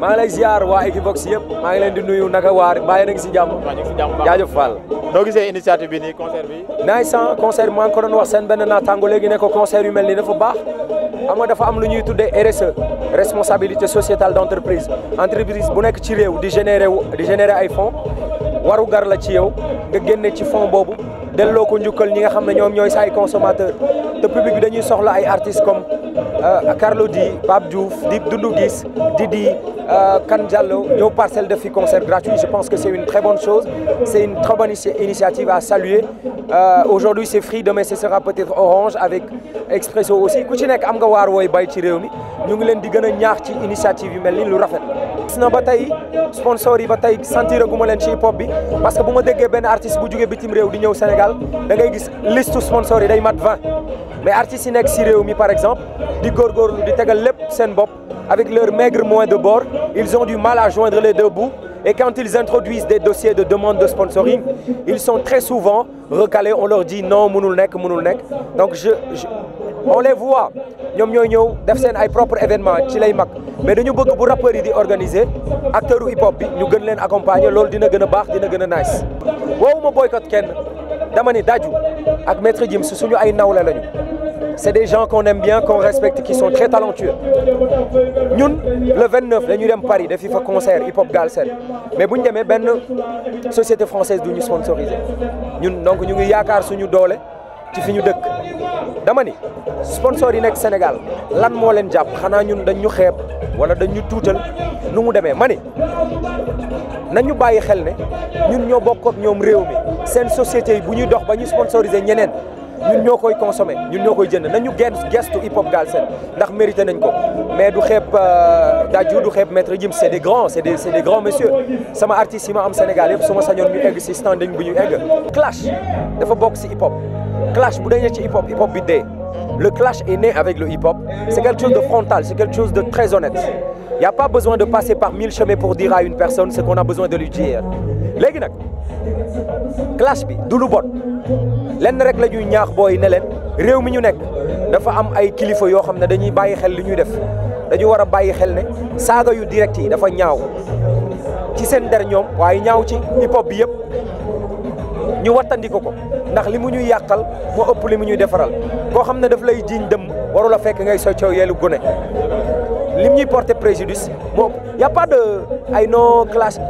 maa ngi lay ziar waa Equivox yëpp maa ngi leen di nuyu naka waar bàyyi nañ si jàmm jaajëf Fall noo gisee initiative bi nii concert bi naay san concert bi maa ngi ko doon wax seen benn naataango léegi ne ko concert yu mel nii dafa baax xam nga dafa am lu ñuy tuddee RSE responsabilité sociétale d' entreprise entreprise bu nekk ci réew di générer di générer ay fonds waru gar la ci yow nga génne ci fon boobu delloo ko njukkal ñi nga xam ne ñoom ñooy sa consommateur te public bi dañuy soxla ay artistes comme euh, Carlou D Pape Diouf Dip Doundou Guiss Didi Euh, Kane Diallo ñëw parcelle def fi concert gratuit je pense que c'est une très bonne chose c'est une très bonne initiative à saluer euh, aujourd'hui c'est Free demain ce sera peut-être Orange avec Expresso aussi ku ci nekk am nga waar wooy bay ci réew mi ñu ngi leen di gën a ñaax ci initiative yu mel ni lu rafet mix na ba tey sponsor yi ba tey sentir aguma leen ci hip hop bi parce que bu ma déggee benn artiste bu jugee bitim réew di ñëw Sénégal da ngay gis liste sponsor yi day mat 20 mais artistes yi nekk si réew mi par exemple di góorgóorlu di tegal lépp seen bopp avec leur maigre moyen de bord ils ont du mal à joindre les deux bouts et quand ils introduisent des dossiers de demande de sponsoring ils sont très souvent recalés on leur dit non mënul nekk mënul nekk donc je on les voit ñoom ñooy ñëw def seen ay propre événement ci lay mag mais dañu bëgg bu rappeurs yi di organiser acteur hip hop bi ñu gën leen accompagner loolu dina gën a baax dina gën a nice woowuma boycott kenn dama ni Dadju ak Maître Gims suñu ay nawle lañu c'est des gens qu'on aime bien qu'on respecte qui sont très talentueux ñun le 29 dañuy dem Paris def fi fa concert hip hop Galsen mais bu ñu demee benn société française du ñu sponsorisé ñun donc ñu ngi yaakaar suñu doole ci fi dëkk dama ni sponsor yi nekk Sénégal lan moo leen jàpp xanaa ñun dañ ñu xeeb wala dañ ñu tuutal nu mu demee ma ni nañu bàyyi xel ne ñun ñoo bokk ak ñoom réew mi seen société yi bu ñuy dox ba ñu sponsoriser ñeneen ñun ñoo koy consommé ñun ñoo koy jënd nañu gen gestu hip hop Galsen ndax mérité nañ ko mais du xeeb euh, Dadju du xeeb maître Jim c'est des grands c'est des c'est des grands sama artistes yi ma am Sénégal yëpp su ma sañoon ñu egg si standing bu ñu egg clash dafa bokk si hip clash bu dee ne ci hip hop hip hop bi dee le clash est né avec le hip hop c'est quelque chose de frontal c'est quelque chose de très honnête y a pas besoin de passer par mille chemins pour dire à une personne ce qu'on a besoin de lui dire léegi nag clash bi du lu bon lenn rek la ñuy ñaax booy ne leen réew mi ñu nekk dafa am ay kilifa yoo xam ne dañuy bàyyi xel li ñuy def dañu war a bàyyi xel ne saaga yu direct yi dafa ñaaw ci seen der ñoom waaye ñaaw ci bi yëpp ñu wattandiku ko ndax li mu ñuy yàqal moo ëpp li mu ñuy defaral koo xam ne daf lay jiiñ dëmm waru la fekk ngay soccoo yeelu gune lim ñuy porter préjudice moo y' a pas de ay noo classe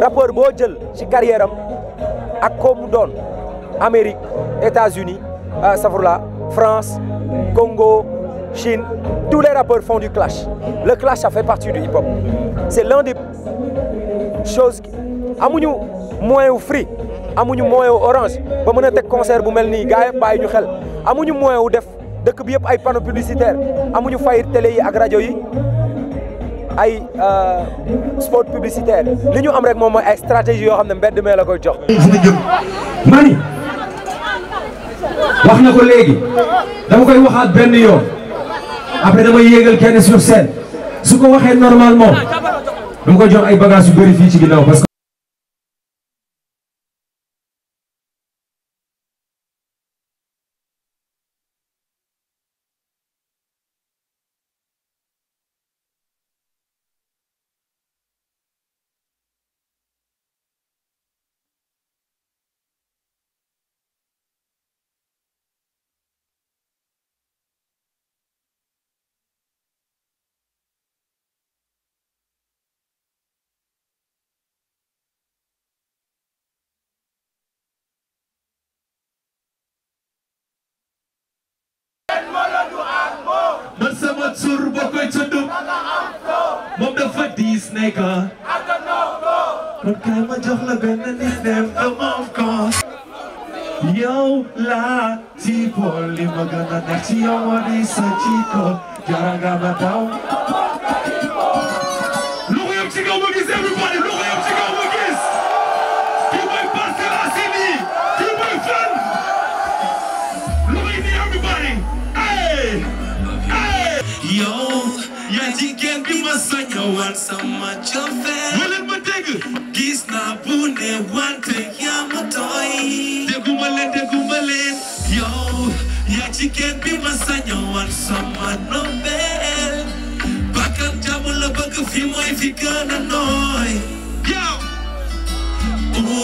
rapport boo jël ci carrière am ak ko mu doon Amérique États-Unis ah, safurla France Congo Chine tous les rappeurs font du clash le clash ça fait partie du hip-hop c'est l'un des choses amuñu moyen wu fri amuñu moyen wu orange ba mën a teg concert bu mel nii gars yi bàyyi ñu xel amuñu moyen wu def dëkk bi yëpp ay panneaux publicitaires amuñu fay télé yi ak rajo yi ay euh, spot publicitaire li ñu am rek moom mooy ay stratégie yoo xam ne mbedd mee la koy jox. mani wax na ko léegi dama koy waxaat benn yoon après dama yéegal kenn sur scène su ko waxee normalement dama koy jox ay bagages yu bëri fii ci ginnaaw parce nekk kon la benn nit dem yow laa ci bool sa ci ko jara nga ci kaw ma everybody lu ko ci kaw ma gis kii mooy Parcelles Assainies kii mooy fan lu ko indi yow yaa jigéen bi ma sañ a wan ma dégg gis naa bu ne wante yaa ma tooy dégguma leen dégguma leen yaa jigéen bi ma sañ a wan sama nobel bakkan jàmm la bëgg fi mooy fi gën nooy yow umu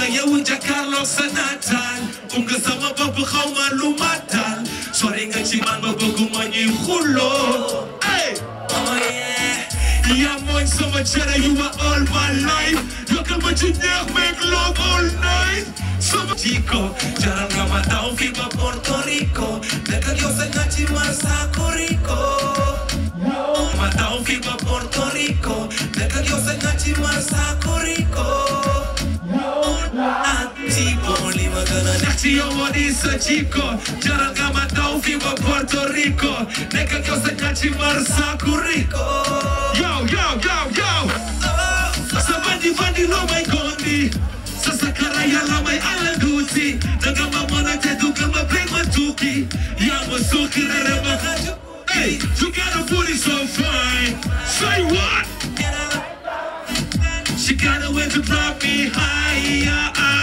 la yow jàkkaarloog sa nataal um nga sama bopp xaw ma lu ma taal sori nga ci man ba bëgguma ñuy xulloo oh yeah yaa mooy sama jere you are all my life ma ci neex make love all night sama jiko jaral nga ma ba si ovo nisam čiko Đarangama daufima Puerto Rico Nekako se kači Marsaku Rico Yo, yo, yo, yo Sa bandi bandi lomaj gondi Sa sakara ja lomaj ala duci Da ga mamona te dugama prema tuki Ja mu sukira rema Hey, you got a booty so fine Say what? She got a way to drive me higher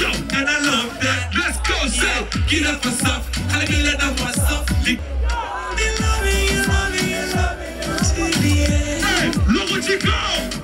yo and I love that let's go say get up for stuff xale bi la daf ma saf li love you love you love you love you love you love you love you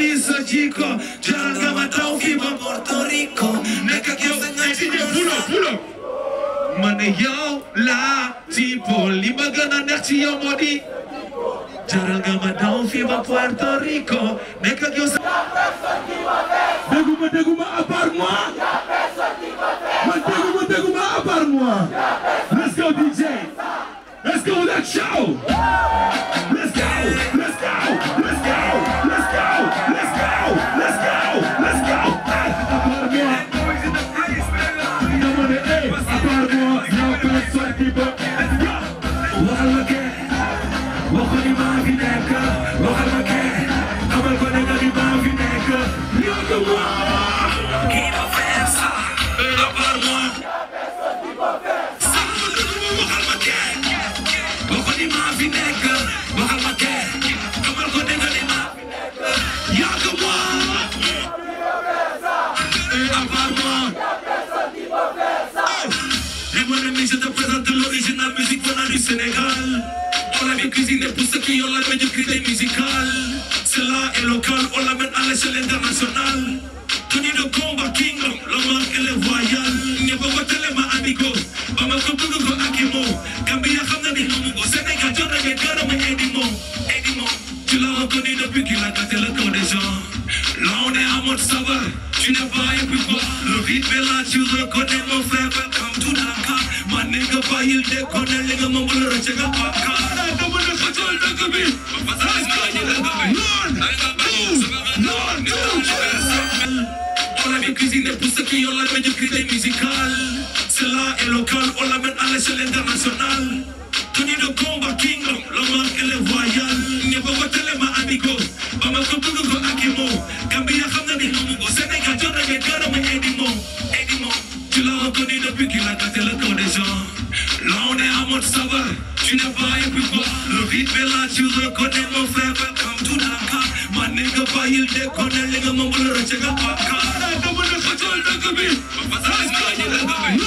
kabisa jiko jana kama Puerto Rico neka kiosenya pulo pulo man yow la tipo li ma gën a neex ci yow moo di jaral ma daw ba Puerto Rico nekk ak yow sa déguma déguma à part moi man déguma déguma à part moi Sénégal. On l'avait cuisiné pour ceux qui ont la médiocrité musicale. Cela est local, on l'amène à l'échelle internationale. it feel like you look good in my flavor. Come to Lanka, my nigga, buy you the corner, nigga, my mother, check out my car. I don't want to put all the gummy. My father's money, the gummy. Lord, I got my own. Lord, no, On avait cuisiné pour ceux qui ont la meilleure local, on l'amène à l'échelle internationale. Tenu de combat, kingdom, la marque, elle est Sadigo Bamako Dudugo Akimo Gambia xam na ni amu ko Sénégal jot na ngeen gërëm Edimo Edimo tu l'as reconnu depuis qu'il a gâté le corps des gens là on est à mode sabar tu n'as pas et puis quoi le rythme est là tu reconnais mon frère comme tout Dakar ma nigga bàyyil déconner li nga moom la rëcc nga bàkkaar dama ne ko jël dëgg bi ba fas ñu dëgg bi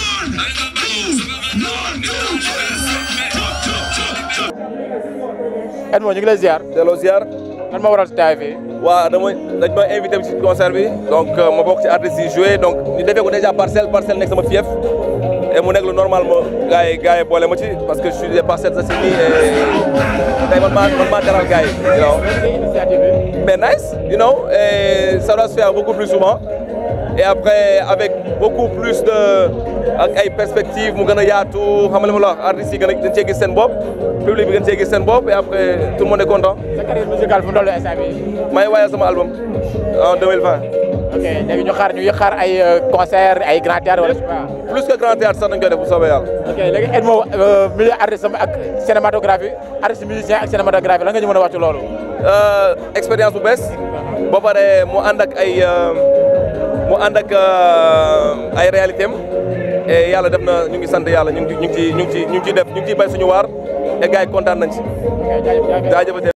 Edmo ñu ngi lay ziar delloo ziar lan ma waral si taay fii. waaw dama dañ ma invité ci concert bi. donc euh, ma bokk ci artistes yi joué donc ñu defee ko déjà parcelle parcelle nekk sama fief et mu nekk lu normal ma gars yi gars yi boole ma ci parce que je suis des Parcelles Assainies et tey man maa man maa dalal gars yi. you know se faire beaucoup plus souvent et après avec. beaucoup plus de ay perspectives mu gën a yaatu xam nga la wax artistes yi gën a gën cee gis seen bopp public bi gën cee gis seen bopp et après tout le monde est content. sa carrière may waayal sama album en 2020. ok léegi ñu xaar ñu xaar ay euh, concert ay grand théâtre wala. plus que grand théâtre sax dañ koy def bu soobee yàlla. ok léegi Edmo euh, ak cinématographie artiste musicien ak cinématographie la nga ñu mën a wax ci loolu. Euh, expérience bu bees. ba pare mu ànd ay. mu ànd ak euh, ay réalité am et yàlla def na ñu ngi sant yàlla ñu ngi ñu ngi ciy ñu ngi ciy ñu ngi ciy def ñu ngi bay suñu waar et gars yi kontaan nañ ci. jaajëf